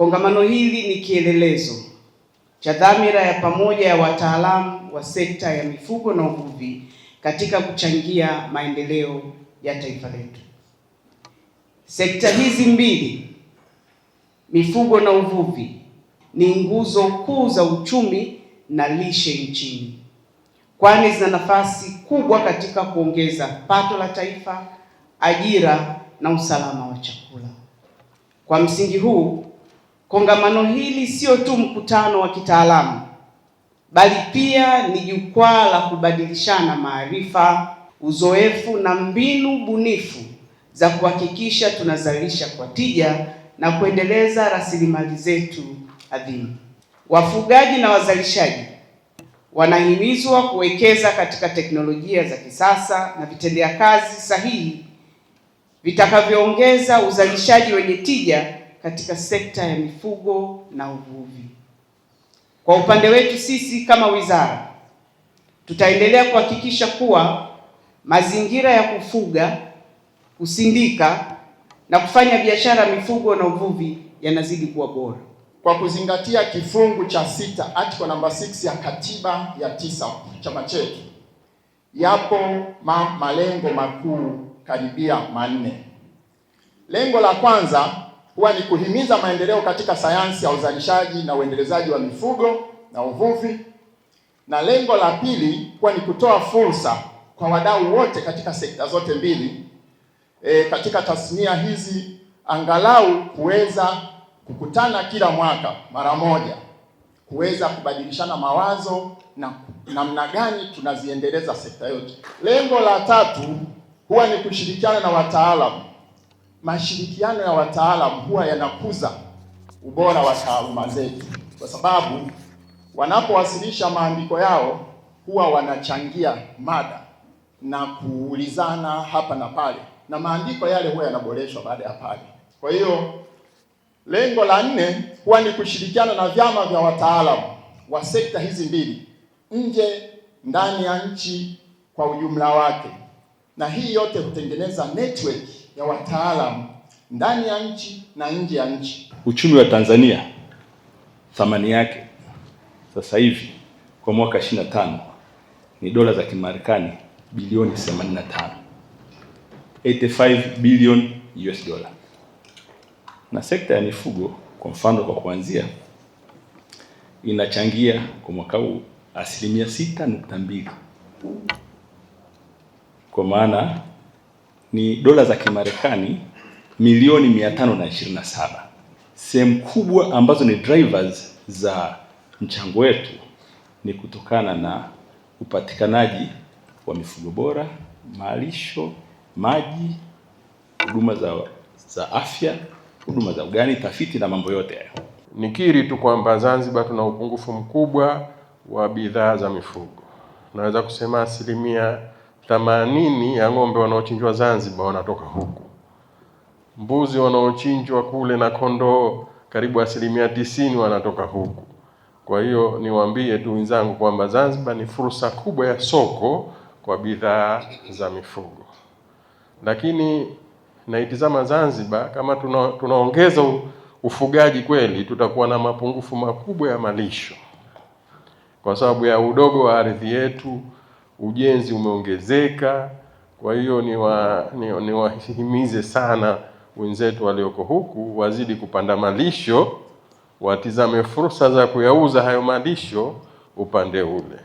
Kongamano hili ni kielelezo cha dhamira ya pamoja ya wataalamu wa sekta ya mifugo na uvuvi katika kuchangia maendeleo ya taifa letu. Sekta hizi mbili, mifugo na uvuvi, ni nguzo kuu za uchumi na lishe nchini, kwani zina nafasi kubwa katika kuongeza pato la taifa, ajira na usalama wa chakula. Kwa msingi huu Kongamano hili sio tu mkutano wa kitaalamu bali pia ni jukwaa la kubadilishana maarifa, uzoefu na mbinu bunifu za kuhakikisha tunazalisha kwa tija na kuendeleza rasilimali zetu adhimu. Wafugaji na wazalishaji wanahimizwa kuwekeza katika teknolojia za kisasa na vitendea kazi sahihi vitakavyoongeza uzalishaji wenye tija katika sekta ya mifugo na uvuvi. Kwa upande wetu sisi kama wizara, tutaendelea kuhakikisha kuwa mazingira ya kufuga, kusindika na kufanya biashara mifugo na uvuvi yanazidi kuwa bora kwa kuzingatia kifungu cha sita article number 6 ya katiba ya tisa chama chetu. Yapo ma malengo makuu karibia manne. Lengo la kwanza huwa ni kuhimiza maendeleo katika sayansi ya uzalishaji na uendelezaji wa mifugo na uvuvi, na lengo la pili huwa ni kutoa fursa kwa wadau wote katika sekta zote mbili e, katika tasnia hizi angalau kuweza kukutana kila mwaka mara moja kuweza kubadilishana mawazo na namna gani tunaziendeleza sekta yote. Lengo la tatu huwa ni kushirikiana na wataalamu mashirikiano ya wataalamu huwa yanakuza ubora wa taaluma zetu, kwa sababu wanapowasilisha maandiko yao huwa wanachangia mada na kuulizana hapa na pale, na maandiko yale huwa yanaboreshwa baada ya pale. Kwa hiyo lengo la nne huwa ni kushirikiana na vyama vya wataalamu wa sekta hizi mbili nje ndani ya nchi kwa ujumla wake, na hii yote hutengeneza network ya wataalamu ndani ya nchi na nje ya nchi. Uchumi wa Tanzania thamani yake sasa hivi kwa mwaka 25 ni dola za Kimarekani bilioni 85, 85 billion US dollar. Na sekta ya mifugo kwa mfano, kwa kuanzia inachangia kwa mwaka huu asilimia 6.2 kwa maana ni dola za Kimarekani milioni 527. Sehemu kubwa ambazo ni drivers za mchango wetu ni kutokana na upatikanaji wa mifugo bora, malisho, maji, huduma za, za afya, huduma za ugani, tafiti na mambo yote hayo. Nikiri tu kwamba Zanzibar tuna upungufu mkubwa wa bidhaa za mifugo, naweza kusema asilimia themanini ya ng'ombe wanaochinjwa Zanzibar wanatoka huku, mbuzi wanaochinjwa kule na kondoo karibu asilimia tisini wanatoka huku. Kwa hiyo niwaambie tu wenzangu kwamba Zanzibar ni fursa kubwa ya soko kwa bidhaa za mifugo, lakini naitizama Zanzibar kama tuna, tunaongeza ufugaji kweli, tutakuwa na mapungufu makubwa ya malisho kwa sababu ya udogo wa ardhi yetu ujenzi umeongezeka. Kwa hiyo niwahimize ni, ni sana wenzetu walioko huku wazidi kupanda malisho, watizame fursa za kuyauza hayo malisho upande ule.